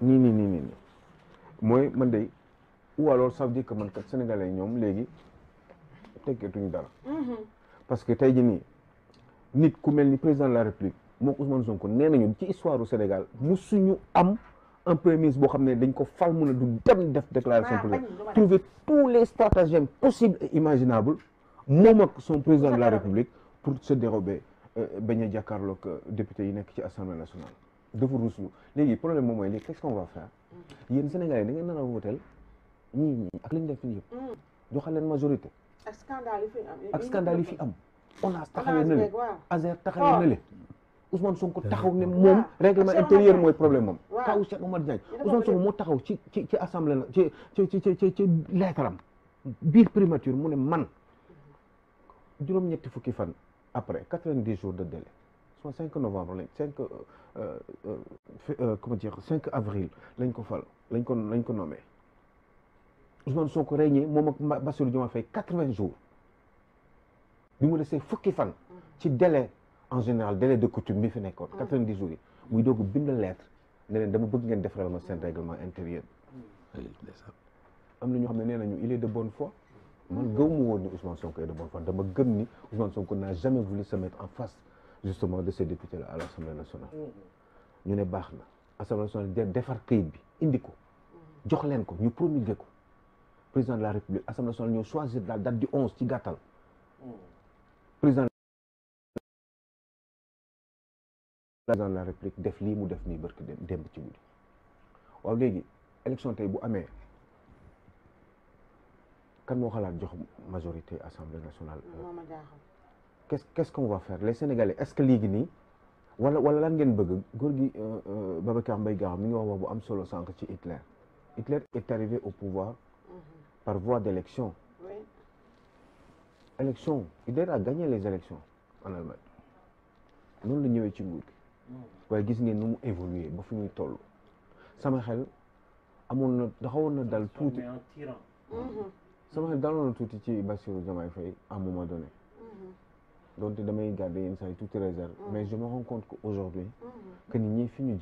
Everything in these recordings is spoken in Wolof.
ni ni ni ni moy man day ou alors ça veut dire que man kat sénégalais légui léegi tekkeetuñu dara. Mm-hmm. parce que tay jii nit ku melni président de la république moo Ousmane Sonko nénañu ci histoire du Sénégal musuñu am un premier ministre boo xam dañ ko fal mëna du dem def déclaration politique trouver tous les stratagèmes possibles et imaginables mom ak son président de la république pour se dérober euh, bañ a que euh, député yi nek ci assemblée nationale. dafa ruslu léegi problème moom mooy léegi qu'est-ce qu'on va faire mm-hmm. yéen Sénégalais da ngeen nar a wooteel ñii ñii ak li ñu def fii yëpp mm. joxal leen majorité ak scandale yi fi am ak scandale yi fi am ONAS taxawee na le ASER taxawee na le Ousmane Sonko taxaw ne moom règlement intérieur mooy problème moom kaw Cheikh Oumar Diagne Ousmane Sonko moo taxaw ci ci ci assemblée na ci ci ci ci ci leetaram biir primature mu ne man mm-hmm. juróom-ñetti fukki fan après quatre-vingt-dix jours de délai 5 novembre lañ euh, euh, euh, euh, comment dire 5 avril lañ ko fal lañ ko lañ ko nommé Ousmane Sonko régné moom ak Bassirou Diomaye 80 jours bi m'a laissé fukki fan ci délai en général délai de coutume bi fi 90 jours yi muy doog bind lettre ne leen dama bëgg ngeen faire ma règlement intérieur am na ñoo xam il est de bonne foi man gëw mu Ousmane Sonko est de bonne foi dama gëm ni Ousmane Sonko n'a jamais voulu se mettre en face justement de ces députés là à l'Assemblée nationale. Mm-hmm. ñu ne baax assemblée nationale defar këyit bi indi ko. Mm-hmm. jox leen ko ñu promulguer ko président de la république assemblée nationale ñoo choisir la date du 11 ci Gatel. Mm-hmm. président de la république def lii mu def nii barki démb ci guddi waaw léegi élection tey bu amee kan moo xalaat la majorité l'Assemblée nationale qu'est-ce qu'on va faire les sénégalais est-ce que léegi nii wala wala lan ngeen bëgg góor gi euh, euh, Babacar Mbaye Gaaw wax bu am solo sànq ci Hitler Hitler est arrivé au pouvoir mhm. par voie d'élection élection Hitler a gagné les élections en Allemagne noonu la ñëwee ci nguur gi mhm. waaye gis ngeen nu mu évolué ba fi muy toll sama xel amoon na daxawoon tout. dal tuuti mhm. sama xel daloon na tuuti ci Bassirou Diomaye Faye à un moment donné donc damay garder yenn saa toutes réserves mm-hmm. mais je me rends compte qu'aujourd'hui mm-hmm. que nit ñi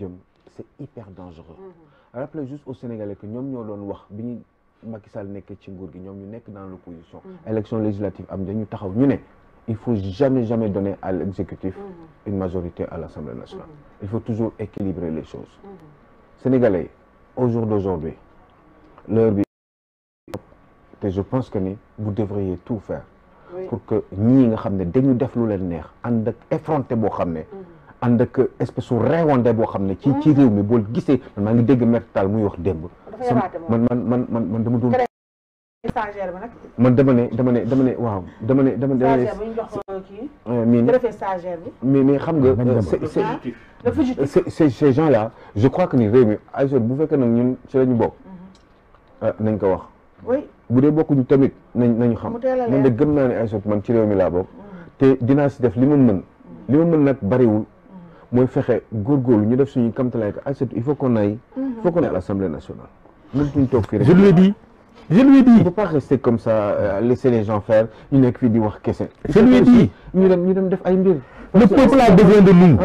c'est hyper dangereux mm-hmm. rappelez juste aux Sénégalais que nous ñoo doon wax bi ñu Macky ci nguur gi dans l'opposition élection législative am dañu taxaw ne il faut jamais jamais donner à l'exécutif une majorité à l'Assemblée nationale il faut toujours équilibrer les choses Sénégalais au jour d'aujourd'hui l'heure bi et je pense que ni vous devriez tout faire pour que ñii nga xam ne dañu def lu leen neex ànd ak effronté boo xam ne mhm. ànd ak espèce su reewande boo xam ne ci mhm. ci réew mi boo gisee man maa ngi dégg mertal muy wax démb man man man man man dama doon stagiaire ba nag man dama ne dama ne dama ne waaw dama ne dama ne mii euh, mais mais xam nga ah, euh, ah, c'est c'est ces gens là je crois que ni réew mi ay bu fekkee nag ñun ci la ñu bokk mhm. euh, nañ ko wax il faut qu'on aille à l'Assemblée nationale je lui dis je lui dis il faut pas rester comme ça euh, laisser les gens faire une équipe di je lui dis ñu def le peuple ah, a besoin de nous.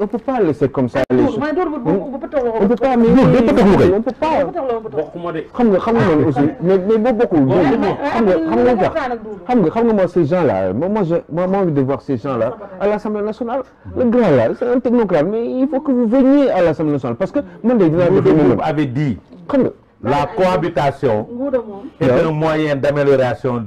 on peut pas laisser comme ça. on peut pas on peut pas. mais ah, ah, ces gens là moi de voir ces gens là à l'Assemblée nationale. le grand c'est un technocrate mais il faut que vous veniez à l'Assemblée nationale parce que vous avez dit. la cohabitation. est un moyen d'amélioration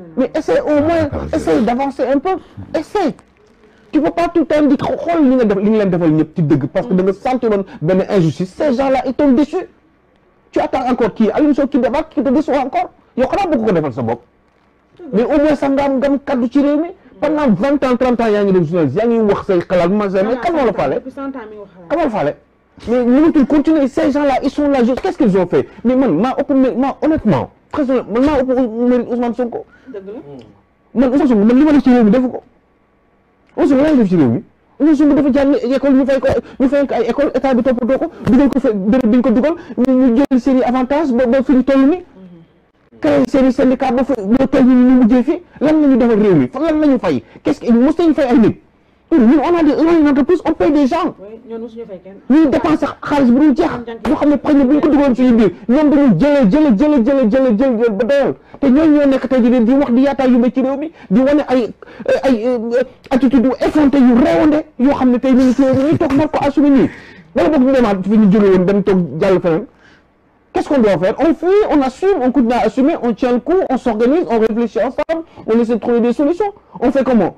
mais essaye au ah, moins essaye d'avancer un peu essaye tu peux pas tout le temps di xool oh, li nga def li nga leen ci parce que da nga sentiroon ben injustice ces gens là ils t'ont déçus. tu attends encore qui une Sow qui defaat qui te déçoit encore y en a ko defal sa bopp mais au moins ça nga am nga am kaddu ci pendant vingt ans trente ans yaa ngi dem journaliste yaa ngi wax say xalaat machin mais kan moo la faale kan moo le faale mais nous tu continues ces gens là ils sont là juste qu'est-ce qu'ils ont fait mais man honnêtement très honnêtement man Ousmane Sonko Hmm. man Ousmane Sonko man li ma def ci réew mi defu ko Ousmane Sonko lan def ci réew mi Ousmane Sonko dafa jàng école ñu fay ko ñu fay ko ay école état bi toppatoo ko dugal ko fa béréb bi ko dugal ñu jël seen avantage ba ba fi ñu toll ni hmm. créé seen syndicat ba fa ba toll ni ñu mujjee fi lan la ñu defal réew mi fo lan la ñu fay qu'est-ce que mos nañu fay ay nit on a des une entreprise on paye des gens Oui, Qu'est-ce qu'on doit faire On fuit, on assume, on continue à assumer, on tient le coup, on s'organise, on réfléchit ensemble, on essaie de trouver des solutions. On fait comment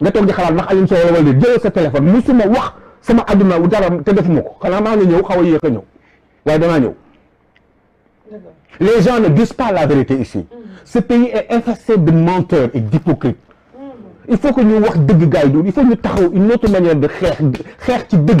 nga tok di xalaat wax Alioune Sow la wala déet jëlal sa téléphone musuma wax sama aduna wu dara te defuma ko xanaa maa ngi ñëw xaw a yéex a ñëw waaye les gens ne disent pas la vérité ici mm. ce pays est infesté de menteurs et d'hypocrites mm. il faut que ñu wax dëgg gars yi il faut ñu taxaw une autre manière de xex xex ci dëgg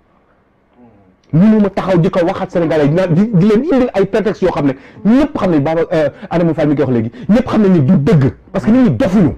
mënuma taxaw di ko waxaat Sénégalais yi di di leen indil ay prétexte yoo xam ne ñëpp xam ne Baba euh, Adama Fall mi koy wax léegi ñëpp xam ne ni du dëgg parce que nit ñi dofuñu